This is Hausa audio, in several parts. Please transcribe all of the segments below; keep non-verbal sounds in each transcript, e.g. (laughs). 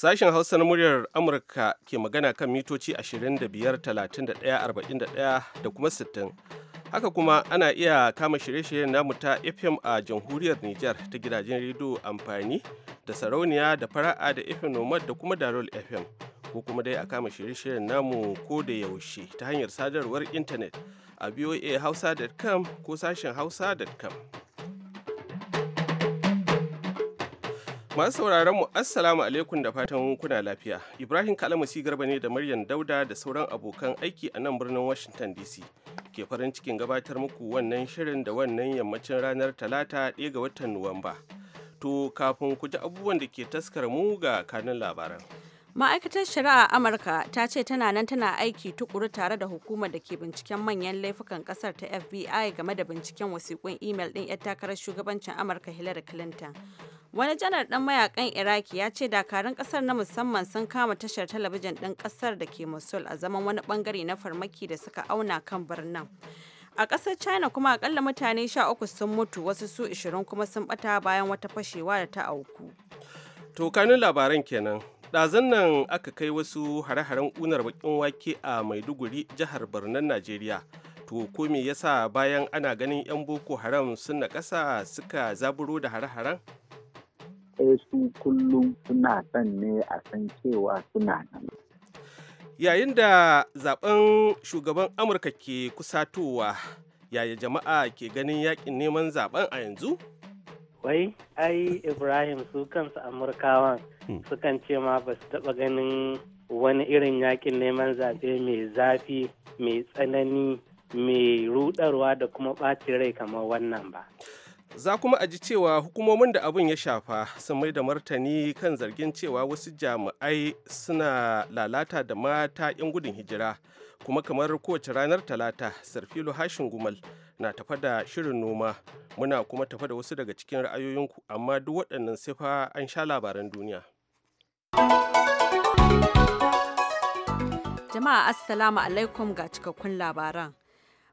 Sashen Hausa na muryar Amurka ke magana kan mitoci 25-31-41 da kuma 60. Haka kuma ana iya kama shirye-shiryen namu ta FM a jamhuriyar Nijar ta gidajen rido amfani da sarauniya da fara'a da FM Nomad da kuma Darul FM. Ko kuma dai a kama shirye-shiryen namu ko da yaushe ta hanyar sadarwar intanet a voahausa.com ko sashen hausa.com. Masu sauraron mu Assalamu alaikum da fatan kuna lafiya. Ibrahim si Garba ne da Maryam Dauda da sauran abokan aiki a nan birnin Washington DC. Ke farin cikin gabatar muku wannan shirin da wannan yammacin ranar Talata 1 ga watan Nuwamba. To kafin ku ji abubuwan da ke taskar mu ga kanun labaran. Ma'aikatar Shari'a Amurka ta ce tana nan tana aiki tukuru tare da hukumar da ke binciken manyan laifukan kasar ta FBI game da binciken wasiƙun imel ɗin 'yar takarar shugabancin Amurka Hillary Clinton. Wani janar ɗan mayakan Iraki ya ce dakarun ƙasar na musamman sun kama tashar talabijin ɗin ƙasar da ke Mosul a zaman wani bangare na farmaki da suka auna kan birnin. A ƙasar China kuma akalla mutane sha uku sun mutu wasu su ishirin kuma sun bata bayan wata fashewa da ta auku. To kanin labaran kenan. Ɗazan nan aka kai wasu hare-haren unar bakin wake a Maiduguri jihar Birnin Najeriya. To ko me yasa bayan ana ganin 'yan Boko Haram sun na ƙasa suka zaburo da hare-haren? ɗaya su kullum suna son ne a san cewa suna nan. Yayin da zaben shugaban Amurka ke kusatowa, yaya jama'a ke ganin yakin neman zaben a yanzu? Wai, ai Ibrahim su kansu Amurkawan hmm. sukan ce ma ba su taɓa ganin wani irin yakin neman zaɓe mai zafi, mai tsanani, mai ruɗarwa da kuma ɓacin rai kamar wannan ba. za kuma a ji cewa hukumomin da abin ya shafa sun mai da martani kan zargin cewa wasu jami'ai suna lalata da mata 'yan gudun hijira kuma kamar kowace ranar talata sarfilo hashin gumal na tafa da shirin noma muna kuma tafa da wasu daga cikin ra'ayoyinku amma duk waɗannan sifa an sha labaran duniya jama'a assalamu alaikum ga cikakkun labaran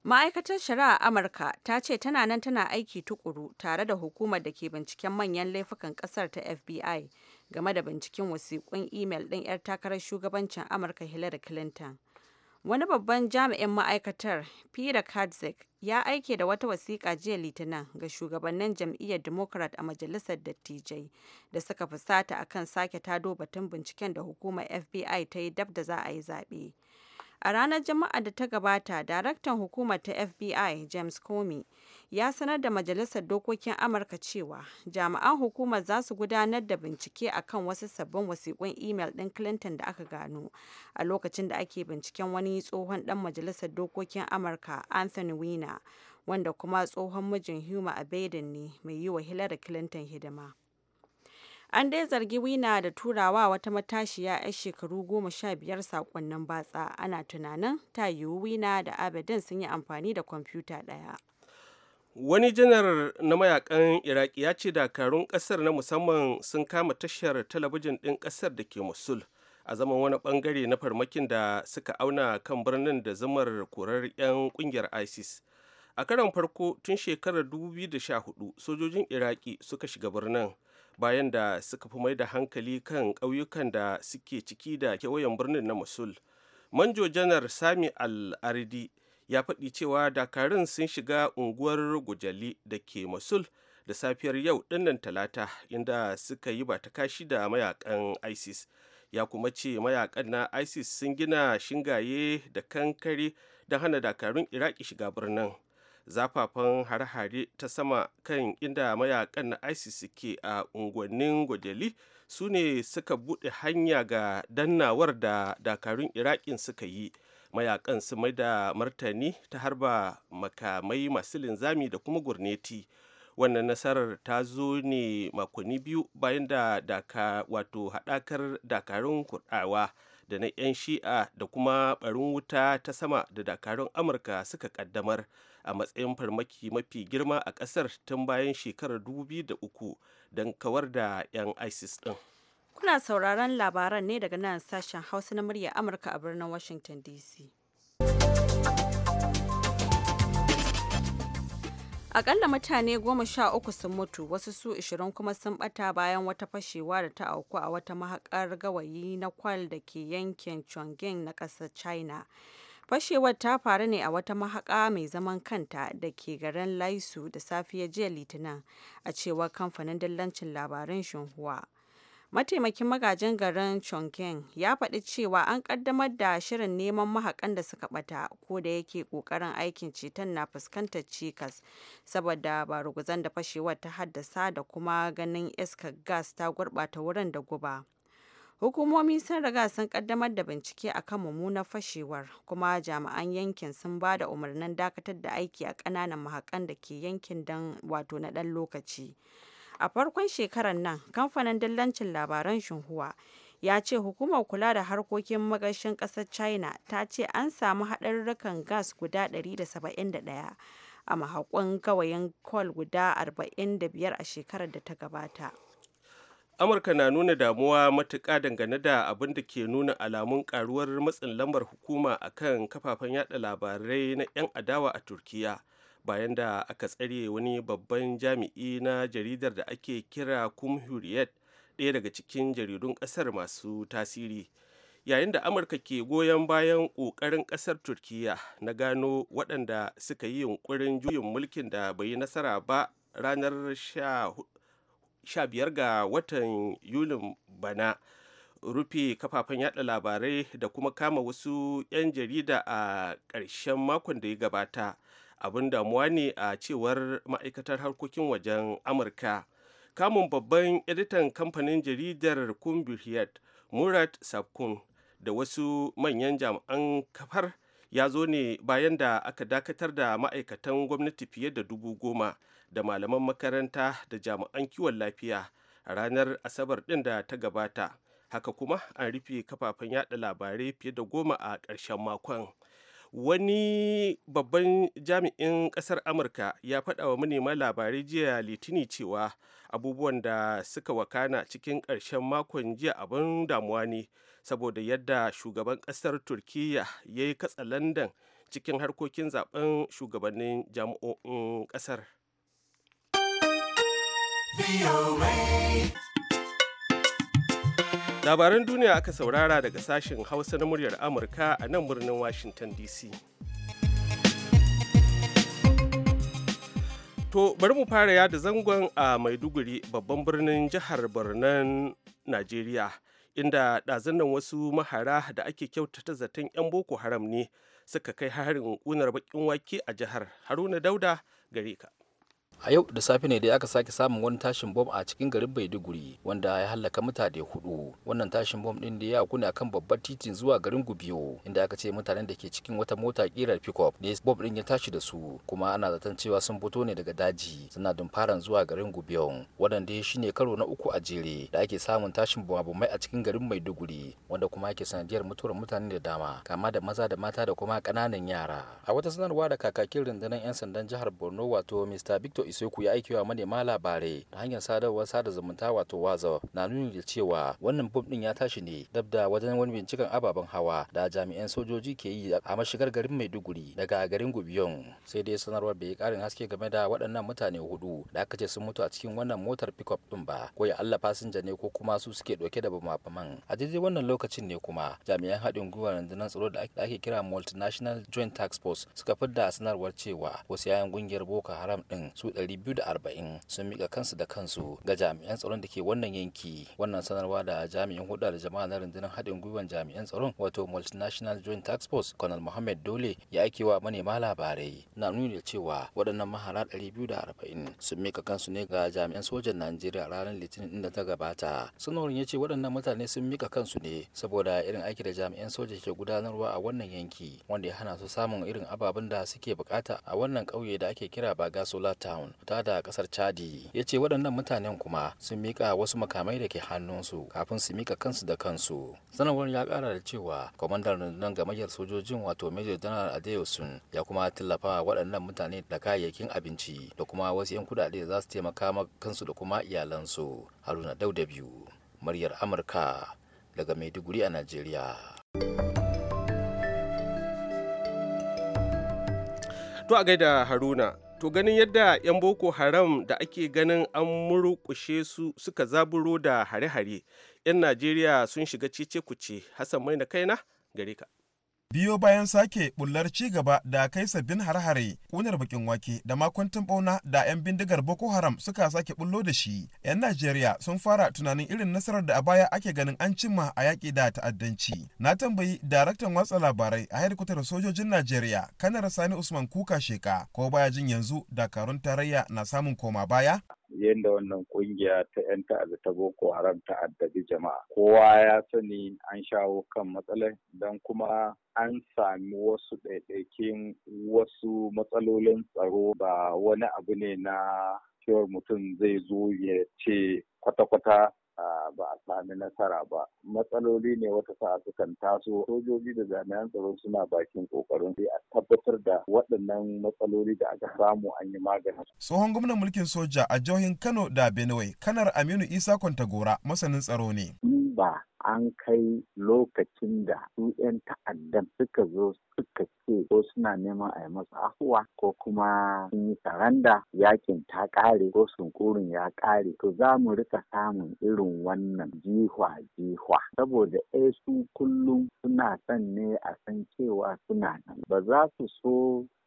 Ma'aikatar Shari'a Amurka ta ce tana nan tana aiki tukuru tare da hukumar da ke binciken manyan laifukan kasar ta FBI game da binciken wasiƙun imel ɗin 'yar takarar shugabancin Amurka Hillary Clinton. Wani babban jami'in ma'aikatar, Peter Katzik, ya aike da wata wasiƙa jiya Litinin ga shugabannin jam'iyyar Democrat a Majalisar Dattijai da suka fusata akan sake tado batun binciken da hukumar FBI ta yi dab da za a yi zaɓe. A ranar Juma'a da ta gabata, daraktan hukumar ta FBI, James Comey, ya sanar da Majalisar Dokokin Amurka cewa jami'an hukumar za su gudanar da bincike akan wasu sabbin wasiƙun imel ɗin Clinton da aka gano a lokacin da ake binciken wani tsohon ɗan Majalisar Dokokin Amurka, Anthony Weiner, wanda kuma tsohon mijin Huma Abedin ne mai yi wa Hillary Clinton hidima. An dai zargi Wina da turawa wata matashiya 'yar shekaru goma sha biyar sakonnin batsa ana tunanin ta yiwu Wina da Abedin sun yi amfani da kwamfuta ɗaya. Wani janar na mayakan Iraki ya ce dakarun kasar na musamman sun kama tashar talabijin ɗin kasar da ke musul a zaman wani bangare na farmakin da suka auna kan birnin da zamar korar 'yan kungiyar ISIS. A karon farko tun shekarar 2014 sojojin Iraki suka shiga birnin. bayan da suka fi mai da hankali kan ƙauyukan da suke ciki da kewayen birnin na Mosul. Manjo janar Sami al ya faɗi cewa dakarun sun shiga unguwar Gujali da ke Mosul da safiyar yau dinnan talata inda suka yi ba kashi da mayakan ISIS. Ya kuma ce mayakan na ISIS sun gina shingaye da kankare don hana dakarun Iraki shiga birnin. zafafan hare-hare ta sama kan inda mayakan na isis ke a unguwannin gwajali su ne suka buɗe hanya ga dannawar da dakarun iraƙin suka yi mayakan su mai da martani ta harba makamai masu linzami da kuma gurneti wannan nasarar ta zo ne makonni biyu bayan da wato haɗakar dakarun kurɗawa da na 'yan shi'a da kuma barin wuta ta sama da dakarun amurka suka kaddamar a matsayin farmaki mafi girma a kasar tun bayan shekarar da uku don kawar da 'yan isis din kuna sauraron labaran ne daga nan sashen hausa na murya amurka a birnin washington dc Akalla mutane goma sha uku sun mutu, wasu su ishirin kuma sun bata bayan wata fashewa da ta auku a wata mahakar gawayi na kwal da ke yankin Chongqing na ƙasar China. Fashewar ta faru ne a wata mahaƙa mai zaman kanta da ke garin Laisu da safiyar jiya Litinin, a cewar kamfanin dillancin labaran Xinhua. mataimakin magajin garin chongqing ya faɗi cewa an ƙaddamar da shirin neman mahakan da suka ɓata ko da yake ƙoƙarin aikin ceton na fuskantar cikas saboda baruguzan da fashewar ta haddasa da kuma ganin iskar gas ta gurɓata wurin da guba hukumomi sun riga sun kaddamar da bincike a kan mummunar fashewar kuma jami'an yankin sun ba da umarnin dakatar da aiki a ƙananan mahakan da ke yankin don wato na ɗan lokaci A farkon shekarar nan, kamfanin dillancin labaran Xinhua ya ce hukumar kula da harkokin magashin kasar China ta ce an samu haɗarurrukan gas guda 171 a mahaƙon gawayin kwal guda 45 a shekarar da ta gabata. amurka na nuna damuwa matuka dangane da abin da ke nuna alamun karuwar matsin lambar hukuma akan kafafen yada labarai na 'yan adawa a turkiya bayan da aka tsare wani babban jami'i na jaridar da ake kira kumhuriyet ɗaya daga cikin jaridun ƙasar masu tasiri yayin da amurka ke goyon bayan ƙoƙarin ƙasar turkiya na gano waɗanda suka yi yunkurin juyin mulkin da bai yi nasara ba ranar sha biyar ga watan yulin bana rufe kafafen yada labarai da kuma kama wasu 'yan jarida a ƙarshen makon da ya gabata abin damuwa ne a cewar ma'aikatar harkokin wajen amurka kamun babban editan kamfanin jaridar kumbihiyat murat sabkun da wasu manyan jami'an kafar ya zo ne bayan da aka dakatar da ma'aikatan gwamnati fiye da dubu goma da malaman makaranta da jami'an kiwon lafiya ranar asabar ɗin da ta gabata haka kuma an rufe kafafen yada labarai fiye da goma a ƙarshen makon wani babban jami'in kasar amurka ya faɗa wa manema labarai jiya litini cewa abubuwan da suka wakana cikin ƙarshen makon jiya abin damuwa ne saboda yadda shugaban ƙasar turkiya ya yi katsa landan cikin harkokin zaben shugabannin jami'o'in ƙasar labaran duniya aka saurara daga sashen hausa na muryar amurka a nan birnin washington dc to bari mu fara yada zangon a maiduguri babban birnin jihar birnin najeriya inda ɗazunan wasu mahara da ake kyautata zaton 'yan boko haram ne suka kai harin ƙunar bakin wake a jihar haruna dauda gare ka a yau da safe ne dai aka sake samun wani tashin bom a cikin garin maiduguri wanda ya hallaka mutane hudu wannan tashin bom din da ya auku akan babbar titin zuwa garin gubiyo inda aka ce mutanen da ke cikin wata mota kirar pickup ne bom din ya tashi da su kuma ana zaton cewa sun fito ne daga daji suna dumfaran zuwa garin gubiyo wadanda shine shine karo na uku a jere da ake samun tashin bom abu mai a cikin garin maiduguri wanda kuma ake sanadiyar mutuwar mutane da dama kama da maza da mata da kuma kananan yara a wata sanarwa da kakakin rundunar 'yan sandan jihar borno wato mr victor yi ya aikewa manema labarai ta hanyar sadarwar sada zumunta wato wazo na nuni da cewa wannan bom din ya tashi ne dab da wajen wani binciken ababen hawa da jami'an sojoji ke yi a mashigar garin Maiduguri daga garin Gubiyon sai dai sanarwar bai karin haske game da waɗannan mutane hudu da aka ce sun mutu a cikin wannan motar pickup din ba ko ya Allah fasinja ne ko kuma su suke dauke da bama a daidai wannan lokacin ne kuma jami'an haɗin gwiwa rundunar tsaro da ake kira multinational joint tax force suka fidda sanarwar cewa wasu yayan gungiyar Boko Haram din su arba'in sun mika kansu da kansu ga jami'an tsaron da ke wannan yanki wannan sanarwa da jami'in hudu da jama'a na rundunar haɗin gwiwar jami'an tsaron wato multinational joint tax force colonel mohammed dole ya ake wa manema labarai na nuni da cewa waɗannan mahara 240 sun mika kansu ne ga jami'an sojan najeriya ranar litinin inda ta gabata sanarwar ya ce waɗannan mutane sun mika kansu ne saboda irin aiki da jami'an soja ke gudanarwa a wannan yanki wanda ya hana su samun irin ababen da suke bukata a wannan ƙauye da ake kira bagasola town cameroon fita da kasar chadi ya ce waɗannan mutanen kuma sun mika wasu makamai da ke hannunsu kafin su mika kansu da kansu sanarwar ya kara da cewa kwamandan rundunar gamayyar sojojin wato major general adeosun ya kuma tallafa waɗannan mutane da kayayyakin abinci da kuma wasu 'yan kudade za su taimaka kansu da kuma iyalansu haruna dauda biyu muryar amurka daga maiduguri a najeriya to a gaida haruna to ganin yadda 'yan boko haram da ake ganin an murƙushe su suka zaburo da hare-hare 'yan najeriya sun shiga cece kuce hassan mai na kaina gare ka biyo bayan sake bullar ci gaba da kai sabbin harhare kunar bakin wake da makwantin bauna da 'yan bindigar boko haram suka sake bullo da shi 'yan najeriya sun fara tunanin irin nasarar da a baya ake ganin an cimma a yaƙi da ta'addanci na tambayi daraktan watsa labarai a hedkwatar sojojin najeriya kanar sani usman kuka sheka ko baya jin yanzu dakarun tarayya na samun koma baya yadda wannan kungiya ta 'yan ta'adda ta boko haram ta addabi jama'a kowa ya sani an shawo kan matsalar don kuma an sami wasu ɗaiɗaikin wasu matsalolin tsaro ba wani abu ne na cewar mutum zai zo ya ce kwata-kwata ba a sami nasara ba matsaloli ne wata sa'a sukan taso sojoji da jami'an tsaro suna bakin kokarin sai a tabbatar da waɗannan matsaloli da aka samu an yi magana. tsohon gwamnan mulkin soja a jihohin kano da benue kanar aminu isa kwantagora masanin tsaro ne. ba an kai lokacin da su 'yan ta'addan suka zo suka ce ko suna neman a yi masu afuwa ko kuma sun yi saranda yakin ta ƙare ko sunkurin ya ƙare. to za mu rika samun irin wannan jihwa jihwa saboda eh su kullum suna son ne a san cewa suna nan ba za su so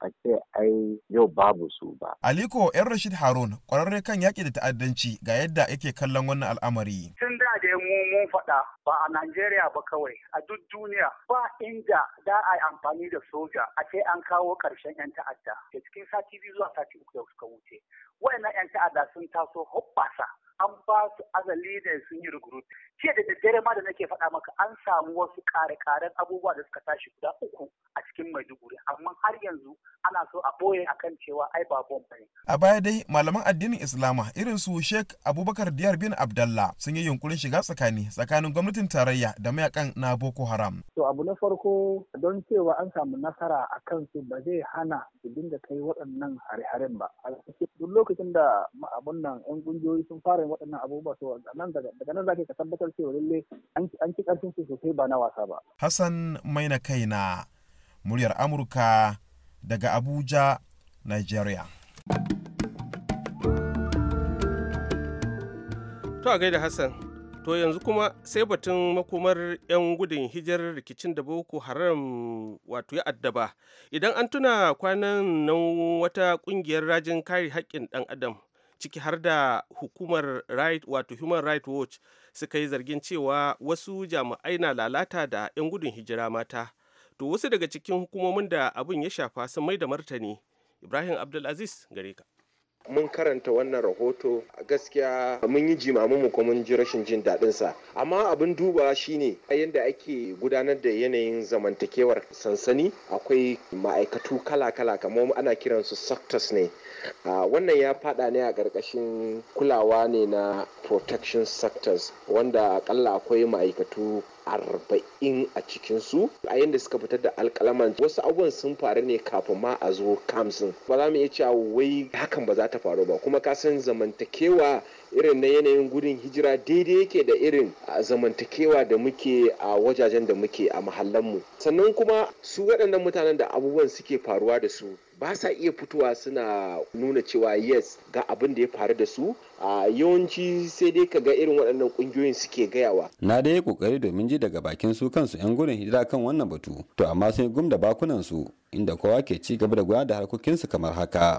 a ce ai yau babu su ba. Aliko 'yan Rashid Harun kwararre kan yaƙi da ta'addanci ga yadda yake kallon wannan al'amari. Tun dai mun faɗa ba a Najeriya ba kawai a duk duniya ba inda za a yi amfani da soja a ce an kawo ƙarshen 'yan ta'adda da cikin sati biyu zuwa sati uku da suka wuce wayannan 'yan ta'adda sun taso hoppasa an ba su azali ne sun yi rugurut jiya da daddare ma da nake faɗa maka an samu wasu kare-karen abubuwa da suka tashi guda uku a cikin maiduguri amma har yanzu ana so a ɓoye akan cewa ai ba bom bane a baya dai malaman addinin islama irin su sheikh abubakar diyar bin abdallah sun yi yunkurin shiga tsakani tsakanin gwamnatin tarayya da mayakan na boko haram to abu na farko don cewa an samu nasara a kansu ba zai hana su dinga kai waɗannan hare-haren ba duk lokacin da abun nan yan kungiyoyi sun fara yin waɗannan abubuwa to nan daga nan zaka ka tabbatar cewa lalle an ci karfin su sosai ba na wasa ba Hassan Maina kaina muryar Amurka daga Abuja Nigeria To a gaida Hassan to yanzu kuma sai batun makomar 'yan gudun hijirar rikicin da boko haram wato ya addaba idan an tuna kwanan nan wata kungiyar rajin kare haƙƙin ɗan adam ciki har da hukumar right wato human rights watch suka yi zargin cewa wasu jami'ai na lalata da 'yan gudun hijira mata to wasu daga cikin hukumomin da abin ya shafa sun mai da martani ibrahim abdulaziz gare ka mun karanta wannan rahoto a gaskiya mun yi jimamin kuma mun ji rashin jin daɗin sa amma abin duba shine yadda ake gudanar da yanayin zamantakewar sansani akwai ma'aikatu kala-kala kamar ana kiransu sectors ne wannan ya fada ne a ƙarƙashin kulawa ne na protection sectors wanda akalla akwai ma'aikatu arba'in a cikinsu a yadda suka fitar da alkalaman wasu abubuwan sun faru ne kafin ma a zo kamsin ba za mu iya cewa wai hakan ba za ta faru ba kuma ka san zamantakewa irin na yanayin gudun hijira daidai yake da irin zamantakewa da muke a wajajen da muke a mahallanmu sannan kuma su waɗannan mutanen da abubuwan suke faruwa da su ba sa iya fitowa suna nuna cewa yes ga abin da ya faru da su a yawanci sai dai ka ga irin waɗannan ƙungiyoyin suke gayawa na daya yi ƙoƙari domin ji daga bakin su kansu yan gudun hijira kan wannan batu to amma sun gum da bakunan su inda kowa ke ci gaba da gudanar da harkokinsu kamar haka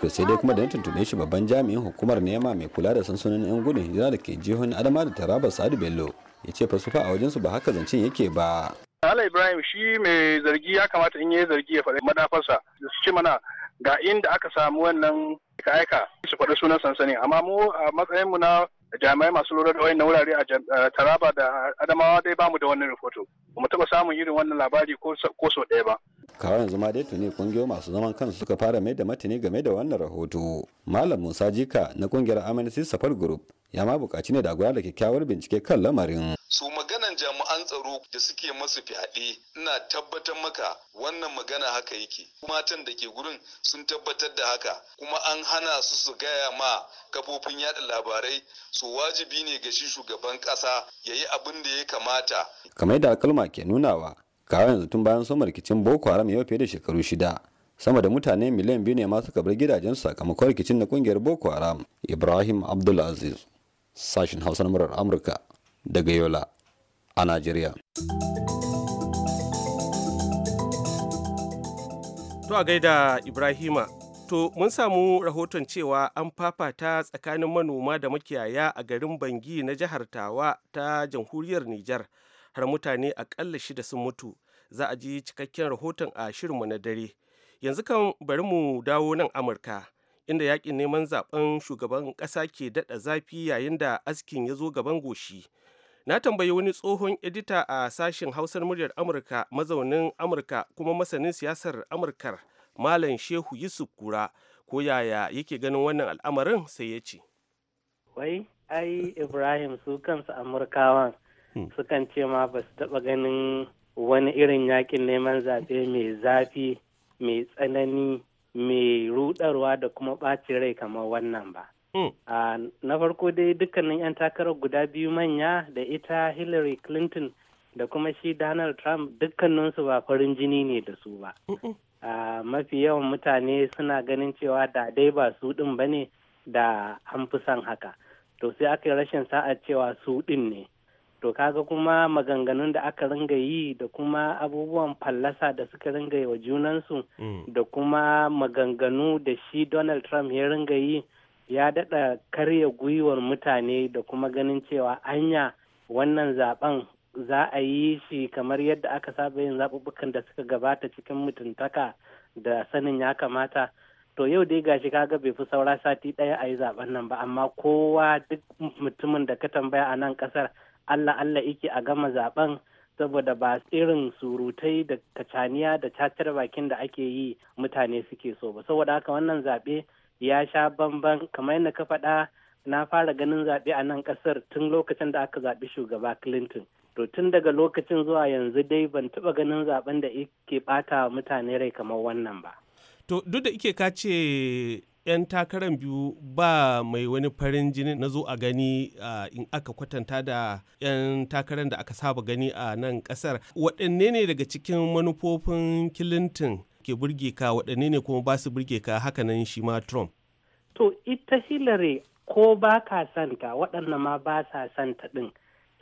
to sai dai kuma da na shi babban jami'in hukumar nema mai kula da sansanin yan gudun hijira da ke jihohin adama da taraba sadu bello ya ce fa a wajensu ba haka zancen yake ba Ala Ibrahim shi mai zargi ya kamata in yi zargi ya faɗi madafarsa su ce mana ga inda aka samu wannan aika su faɗi sunan sansani amma mu a matsayin mu na jami'ai masu lura da wayan wurare a Taraba da Adamawa dai bamu da wannan rahoto. Mu taɓa samun irin wannan labari ko sau ɗaya ba. kawai yanzu ma dai tuni kungiyoyi masu zaman kansu suka fara mai da matani game da wannan rahoto malam musa jika na kungiyar amnesty safar group ya ma bukaci ne da gudanar da kyakkyawar bincike kan lamarin su maganan jami'an tsaro da suke masu fyaɗe ina tabbatar maka wannan magana haka yake matan da ke gurin sun tabbatar da haka kuma an hana su su gaya ma kafofin yada labarai su wajibi ne ga shi shugaban ƙasa ya yi abin da ya kamata kamar da alkalma ke nunawa kawai yanzu tun bayan soma rikicin boko haram yau fiye da shekaru shida sama da mutane miliyan biyu ne ma suka bar gidajen sakamakon rikicin na kungiyar boko haram ibrahim abdulaziz sashen hausa na murar amurka daga yola a najeriya to a gaida ibrahima to mun samu rahoton cewa an fafata tsakanin manoma da makiyaya a garin bangi na jihar tawa ta jamhuriyar nijar har mutane akalla shida sun mutu za a ji cikakken rahoton a shirinmu na dare yanzu kan bari mu dawo nan amurka inda yakin neman zaben shugaban ƙasa ke daɗa zafi yayin da askin ya zo gaban goshi na tambayi wani tsohon edita a sashen hausar muryar amurka mazaunin amurka kuma masanin siyasar amurkar malam shehu yusuf kura ko yaya yake ganin wannan al'amarin sai ya ce wai ai ibrahim su kansu amurkawan Hmm. sukan ce ma ba su taɓa ganin wani irin yakin neman zaɓe mai zafi mai tsanani mai rudarwa da kuma ɓacin rai kamar wannan ba. Hmm. Na farko dai dukkanin 'yan takarar guda biyu manya da ita Hillary Clinton da kuma shi Donald Trump dukkaninsu ba farin jini ne da su ba. Mafi yawan mutane suna ganin cewa da dai ba su ɗin ba ne da an fi son haka. To sai aka yi rashin sa'a cewa su ɗin ne. to kaga kuma maganganun da aka ringa yi da kuma abubuwan fallasa da suka ringa yi wa junansu mm. da kuma maganganu da shi donald trump ya ringa yi ya daɗa karya gwiwar mutane da kuma ganin cewa anya wannan zaben za a yi shi kamar yadda aka saba yin zaɓuɓɓukan da suka gabata cikin mutuntaka da sanin ya kamata to yau dai gashi kaga bai fi saura sati ɗaya a yi zaben nan ba amma kowa duk mutumin da ka tambaya a nan ƙasar Allah Allah yake a gama zaben saboda ba irin surutai da kacaniya da cacar bakin da ake yi mutane suke so ba saboda haka wannan zaɓe ya sha bamban kamar yadda ka faɗa na fara ganin zaɓe a nan ƙasar tun lokacin da aka zaɓi shugaba clinton to tun daga lokacin zuwa yanzu dai ban taɓa ganin zaɓen da ke ɓata mutane rai kamar wannan ba to duk da ike ka ce 'yan takarar biyu ba mai wani farin jini na zo a gani in aka kwatanta da 'yan takarar da aka saba gani a nan kasar waɗanne ne daga cikin manufofin clinton ke burge ka waɗanne ne kuma ba su burge ka hakanan shi ma trump to ita hillary ko ba ka santa waɗannan ma ba sa santa ɗin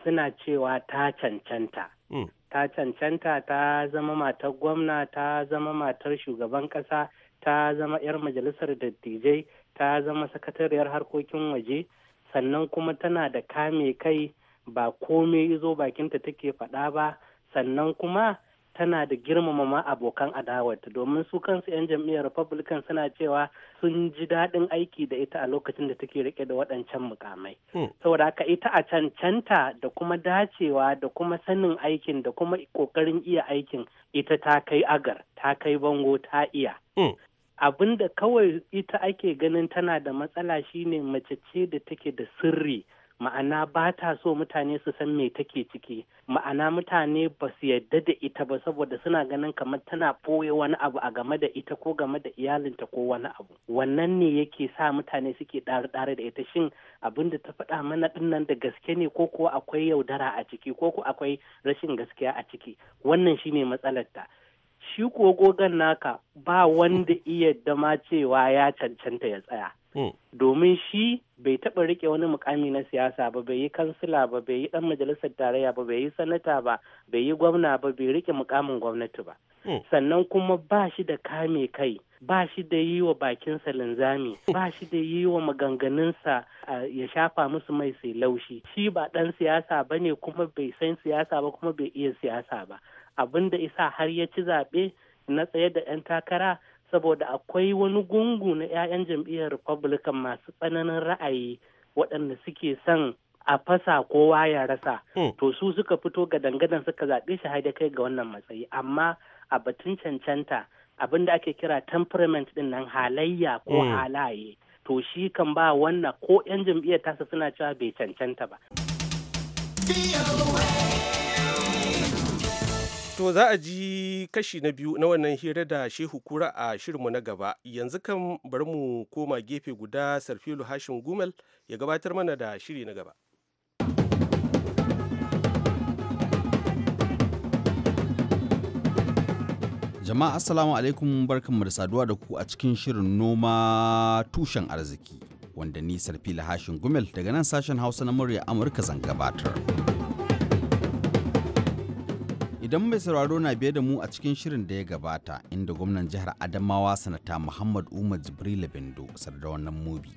suna cewa ta cancanta hmm. ta cancanta ta zama matar gwamna ta zama matar shugaban ƙasa ta zama 'yar majalisar dattijai ta zama sakatariyar harkokin waje sannan kuma tana da kame kai ba komai izo bakinta take faɗa ba sannan kuma tana da girmama abokan adawarta domin su kansu 'yan jam'iyyar republican suna cewa sun ji daɗin aiki da ita a lokacin da take rike da waɗancan mukamai hmm. saboda haka ita a cancanta da kuma dacewa da kuma sanin aikin da kuma ƙoƙarin iya aikin ita ta kai agar ta kai bango ta iya hmm. abin da kawai ita ake ganin tana da matsala shine mace ce da take da sirri ma'ana ba ta so mutane su san me take ciki ma'ana mutane ba su yadda da ita ba saboda suna ganin kamar tana ɓoye wani abu a game da ita ko game da iyalinta ko wani abu wannan ne yake sa mutane suke ɗare-ɗare da ita shin abin da ta faɗa mana ɗinnan da gaske ne ko kuwa akwai yaudara a ciki ko kuwa akwai rashin gaskiya a ciki wannan shine matsalar ta shi ko gogon naka ba wanda iya dama cewa ya cancanta ya tsaya. Hmm. Domin shi bai taɓa riƙe wani mukami na siyasa ba, bai yi kansila ba, bai yi ɗan majalisar tarayya ba, bai yi sanata ba, bai yi gwamna ba, bai riƙe mukamin gwamnati ba. Hmm. Sannan kuma ba shi da kame kai, ba shi da yi wa bakinsa linzami, (laughs) ba shi da yi wa maganganunsa ya shafa musu mai sai laushi. Shi ba ɗan siyasa ba ne kuma bai san siyasa ba kuma bai iya siyasa ba. abin da isa har ya ci zaɓe na tsaye da 'yan takara saboda akwai wani gungu na 'ya'yan jam'iyyar republican masu tsananin ra'ayi waɗanda suke son a fasa kowa ya rasa hmm. to su suka fito ga dangadan suka zaɓe shi har da kai ga wannan matsayi amma a batun cancanta abin da ake kira temperament din nan halayya ko hmm. halaye to shi kan ba wannan ko 'yan jam'iyyar tasa suna cewa bai cancanta ba. To za a ji kashi na biyu na wannan hira da Shehu Kura a shirinmu na gaba. Yanzu kan bari mu koma gefe guda Sarfilu Hashim Gumel ya gabatar mana da shiri na gaba. Jama'a Assalamu alaikum barkanmu da saduwa da ku a cikin shirin noma tushen arziki wanda ni Sarfilu Hashim Gumel daga nan sashen Hausa na murya Amurka zan gabatar. idan mai sauraro na biye da mu a cikin shirin da ya gabata inda gwamnan jihar adamawa sanata muhammad umar Jibril bindo sarda wannan mubi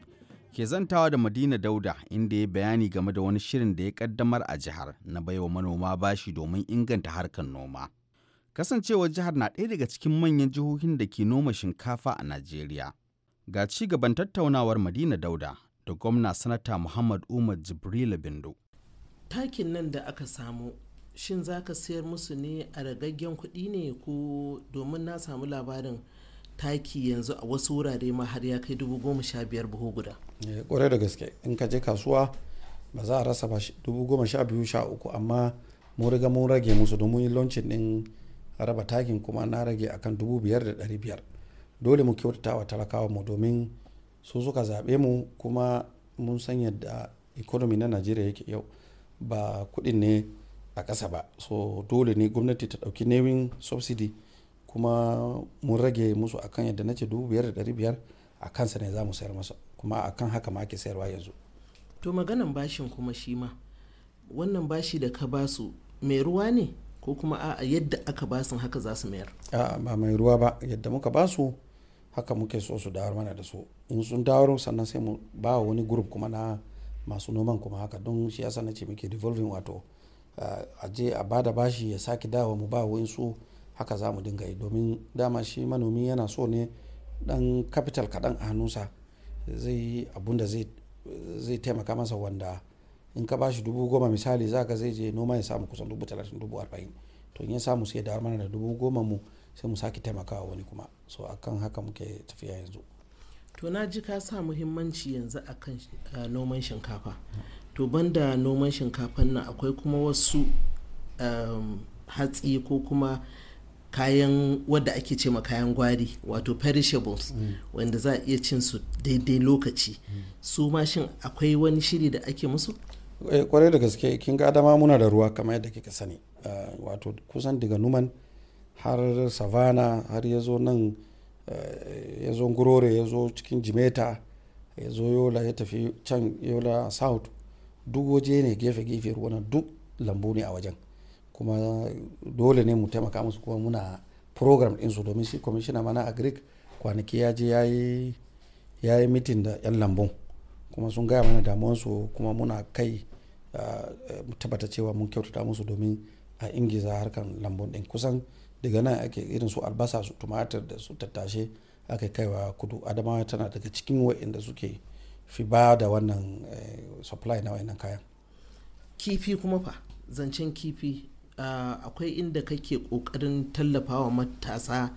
ke zantawa da madina dauda inda ya bayani game da wani shirin da ya kaddamar a jihar na baiwa manoma bashi domin inganta harkar noma kasancewar jihar na ɗaya daga cikin manyan jihohin da ke noma shinkafa a najeriya ga ci gaban tattaunawar madina dauda da gwamna sanata muhammad umar Jibril bindo takin nan da aka samu shin za ka sayar musu ne a ragaggen kuɗi ne ko domin na samu labarin taki yanzu a wasu wurare ma har ya kai dubu goma sha biyar buhu guda eh, ƙwarai da gaske in ka je kasuwa ba za a rasa ba dubu goma sha biyu sha uku amma mu riga mun rage musu domin launcin din raba takin kuma na rage akan dubu biyar da ɗari biyar dole mu kyautata wa talakawa mu domin su suka zaɓe mu kuma mun san yadda ikonomi na najeriya yake yau ba kuɗin ne a ƙasa ba so dole ne gwamnati ta ɗauki nauyin subsidy kuma mun rage musu akan yadda na ce dubu biyar da ɗari biyar a kansa ne za mu sayar masa kuma a kan haka ma ake sayarwa yanzu to maganan bashin kuma shi ma wannan bashi da ka ba su mai ruwa ne ko kuma a yadda aka ba su haka za su mayar a ba mai ruwa ba yadda muka ba su haka muke so su dawar mana da su in sun dawar sannan sai mu ba wani group kuma na masu noman kuma haka don shi yasa na ce muke revolving wato Eh, a je a bada bashi ya sake dawa mu ba wa'insu haka za mu dinga yi domin dama shi manomi yana so ne dan capital kaɗan a hannunsa zai yi zai taimaka masa wanda in ka bashi dubu goma misali za ka zai je noma ya samu kusan dubu talatin dubu arba'in to in ya samu sai da mana da dubu goma mu sai mu sake taimakawa wani kuma so akan haka muke tafiya yanzu to na ji ka sa muhimmanci yanzu akan eh, noman shinkafa to banda noman shinkafan nan akwai kuma wasu um, hatsi ko kuma kayan wadda ake ce ma kayan gwari wato perishables mm. wanda za a iya cin su daidai lokaci mm. su ma shin akwai wani shiri da ake musu eh, kwarai da gaske kin ga adama muna da ruwa kamar yadda kika sani uh, wato kusan daga numan har savana har ya zo nan uh, ya zo ngurore ya zo cikin jimeta ya zo yola ya tafi can yola south duk waje ne gefe-gefe na duk lambu ne a wajen kuma dole ne mu taimaka musu kuma muna program su domin shi kwamishina mana a greek kwanaki ya je ya yi mitin da 'yan lambun kuma sun gaya mana damuwansu kuma muna kai tabbata cewa mun kyautata musu domin a ingiza harkan lambun din kusan daga nan ake irin su albasa su tumatir da su tattashe aka kaiwa kudu adamawa tana daga cikin wa'inda suke fi ba da wannan eh, supply na wayannan kayan kifi kuma fa zancen kifi ah, akwai inda kake kokarin tallafawa matasa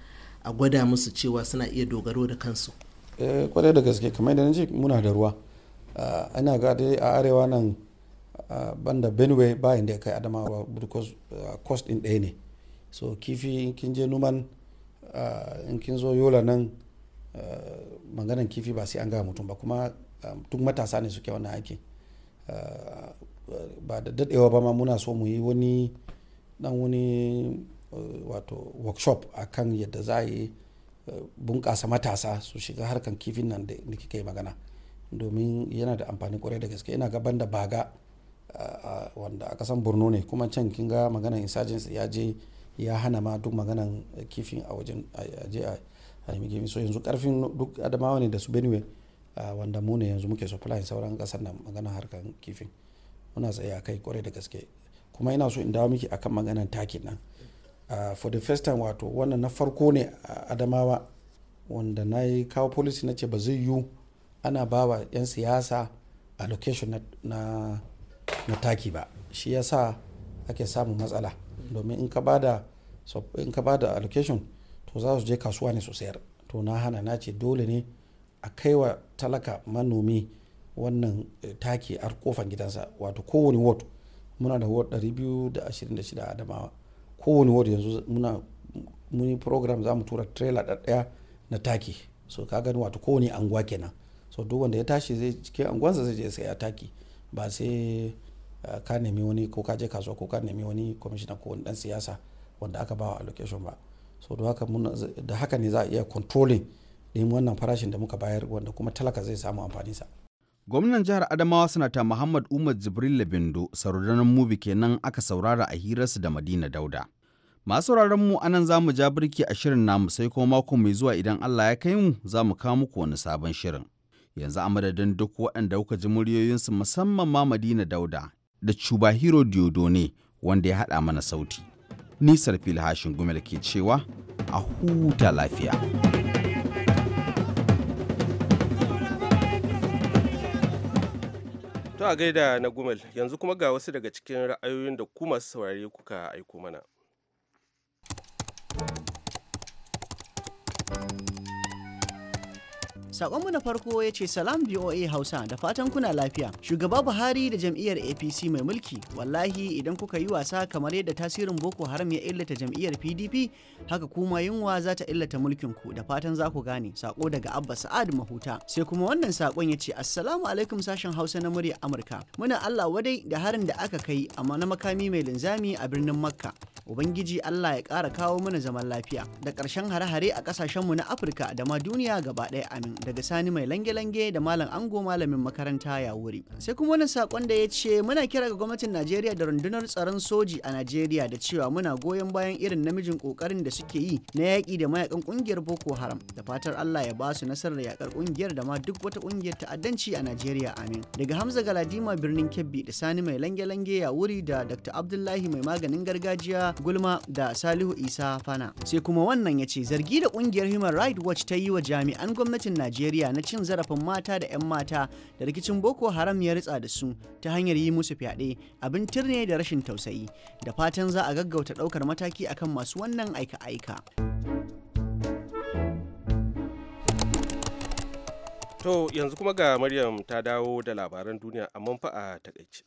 a gwada musu cewa suna iya dogaro da kansu kwarai eh, da gaske kamar da ce muna da ruwa ana ah, ga dai a arewa nan ah, banda benue bayan da ya kai adamawa because cost in ɗaya ne so kifi in kin je numan in kin zo yola nan maganan kifi ba sai an ga mutum ba kuma Um, duk matasa ne suke wannan aiki uh, ba da daɗewa ba ma muna so mu yi wani dan wani uh, wato workshop kan yadda za a yi uh, bunƙasa matasa su shiga harkan kifin nan da kika yi magana domin yana da amfani kwarai da gaske yana gaban da baga wanda a kasan borno ne kuma can kin ga maganan insurgency ya je ya hana ma duk maganan kifin a wajen a je a yanzu karfin duk adamawa ne da su benue wanda mu ne yanzu muke supply sauran kasar nan maganar harkar kifin muna tsaye a kai kwarai da gaske kuma ina so in dawo miki akan maganar takin nan for the first time wato wannan na farko ne a adamawa wanda na yi kawo policy na ce ba zai yiwu ana bawa 'yan siyasa a na, na, taki ba shi ya sa ake samun matsala domin in ka bada in ka bada allocation to za su je kasuwa ne su sayar to na hana na ce dole ne a kai wa talaka manomi wannan eh, taki a kofan gidansa wato kowane ward muna da ward 226 a adamawa kowane ward yanzu muna muni program za mu tura trailer ɗaya na taki so ka gani wato kowane anguwa kenan so duk wanda ya tashi zai cikin anguwansa zai je saya taki ba sai eh, ka nemi wani ko ka je kasuwa ko ka nemi wani commissioner ko wani dan siyasa wanda aka ba wa allocation ba so da haka ne za a iya controlling din wannan farashin da muka bayar wanda kuma talaka zai samu sa. Gwamnan jihar Adamawa sanata Muhammad Umar Jibril Labindo sauraron mubi kenan aka saurara a hirarsu da Madina Dauda. Masu sauraron mu anan za mu ja birki a shirin namu sai kuma mako mai zuwa idan Allah ya kai mu za mu kawo muku wani sabon shirin. Yanzu a madadin duk waɗanda kuka ji muryoyinsu musamman ma Madina Dauda da Cuba Hero ne wanda ya haɗa mana sauti. Nisar filhashin hashin gumel ke cewa a huta lafiya. To a gaida na gumal yanzu kuma ga wasu daga cikin ra'ayoyin da kuma masu saurare kuka aiko mana. Sakonmu na farko ya ce salam BOA Hausa da fatan kuna lafiya. Shugaba Buhari da jam'iyyar APC mai mulki wallahi idan kuka yi wasa kamar yadda tasirin Boko Haram ya illata jam'iyyar PDP haka kuma yunwa za ta illata mulkin ku da fatan za ku gane sako daga Abba Sa'ad Mahuta. Sai kuma wannan sakon ya ce assalamu alaikum sashen Hausa na murya Amurka. Muna Allah wadai da harin da aka kai amma na makami mai linzami a birnin Makka. Ubangiji Allah ya kara kawo mana zaman lafiya da ƙarshen hare-hare a ƙasashenmu na Afirka da ma duniya gaba ɗaya amin. daga sani mai lange-lange da malam ango malamin makaranta ya wuri sai kuma wani sakon da ya ce muna kira ga gwamnatin najeriya da rundunar tsaron soji a najeriya da cewa muna goyon bayan irin namijin kokarin da suke yi na yaƙi da mayakan kungiyar boko haram da fatar allah ya basu su nasarar yakar kungiyar da ma duk wata kungiyar ta'addanci a najeriya amin daga hamza galadima birnin kebbi da sani mai lange-lange ya wuri da dr abdullahi mai maganin gargajiya gulma da salihu isa fana sai kuma wannan ya ce zargi da kungiyar human rights watch ta yi wa jami'an gwamnatin najeriya Najeriya na cin zarafin mata da 'yan mata da rikicin Boko Haram ya ritsa da su ta hanyar yi musu fyaɗe abin turne da rashin tausayi da fatan za a gaggauta ɗaukar mataki akan masu wannan aika-aika. To yanzu kuma ga Maryam ta dawo da labaran duniya amma fa a takaice.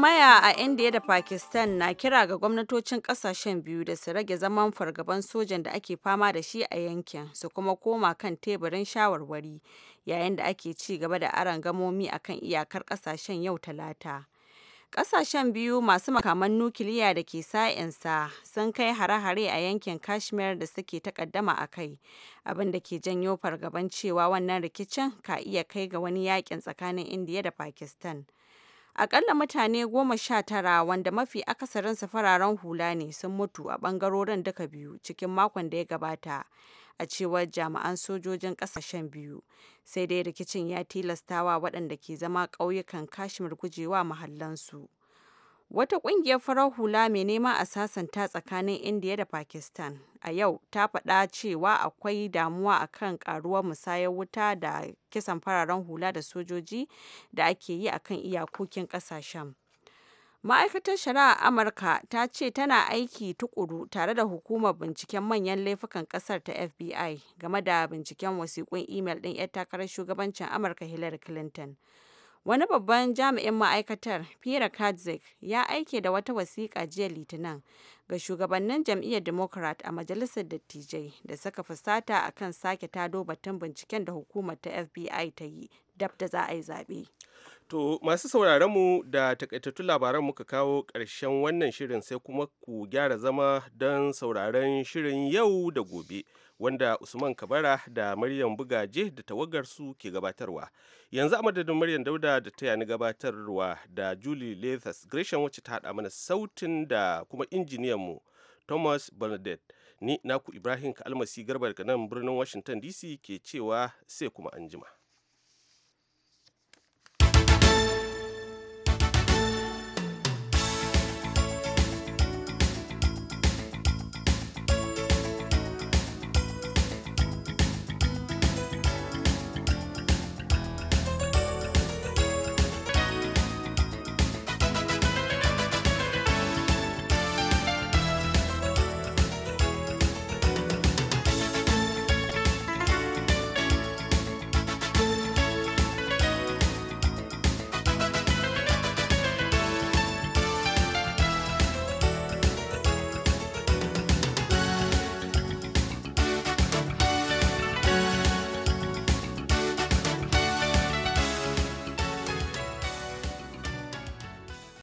maya a India da Pakistan na kira ga gwamnatocin kasashen biyu da su rage zaman fargaban sojan da ake fama da shi a yankin su kuma koma kan teburin shawarwari yayin da ake ci gaba da gamomi a kan iyakar kasashen yau Talata. Kasashen biyu masu makaman nukiliya da ke sa'insa sun kai hare-hare a yankin Kashmir da suke takaddama a kai, abin da ke janyo fargaban cewa wannan rikicin ka iya kai ga wani yakin tsakanin Indiya da Pakistan. Akalla mutane goma sha tara wanda mafi su fararen hula ne sun mutu a bangarorin duka biyu cikin makon da ya gabata, a cewar jami'an sojojin kasashen biyu, sai dai rikicin ya tilastawa waɗanda ke zama ƙauyukan Kashmir gujewa mahallansu. Wata ƙungiyar farar hula mai nema a sasanta tsakanin Indiya da Pakistan a yau ta faɗa cewa akwai damuwa akan karuwar musayar wuta da kisan fararen hula da sojoji da ake yi akan iyakokin ƙasashen. Ma'aikatar Shari'ar Amurka ta ce tana aiki tukuru tare da Hukumar Binciken Manyan Laifukan Ƙasar ta FBI game da binciken wasiƙun imel ɗin 'yar takarar shugabancin Amurka Hillary Clinton. Wani babban jami'in ma'aikatar, Pierre Katzik, ya aike da wata wasiƙa jiya Litinin ga shugabannin jam'iyyar Democrat a Majalisar Dattijai da suka fusata a kan sake tado batun binciken da hukumar ta FBI ta yi dab da za a yi zaɓe. To masu sauraron mu da takaitattun labaran muka kawo ƙarshen wannan shirin sai kuma ku gyara zama don sauraron shirin yau da gobe. wanda usman kabara da maryam bugaje da tawagarsu ke gabatarwa yanzu a madadin maryam dauda da ta yani gabatarwa da julie lathas gresham wacce ta haɗa mana sautin da kuma mu thomas bernadette ni naku ibrahim kalmasi garba daga nan birnin washington dc ke cewa sai kuma anjima.